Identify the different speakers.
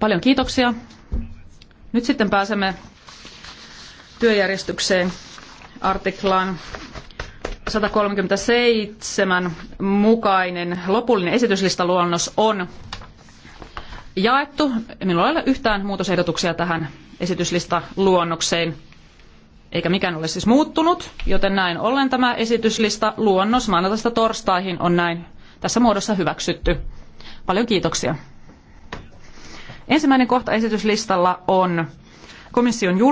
Speaker 1: Paljon kiitoksia. Nyt sitten pääsemme työjärjestykseen artiklaan 137 mukainen lopullinen esityslistaluonnos on jaettu. Minulla ei ole yhtään muutosehdotuksia tähän esityslistaluonnokseen, eikä mikään ole siis muuttunut, joten näin ollen tämä esityslistaluonnos luonnos maanantaista torstaihin on näin tässä muodossa hyväksytty. Paljon kiitoksia. Ensimmäinen kohta esityslistalla on komission julkaisu.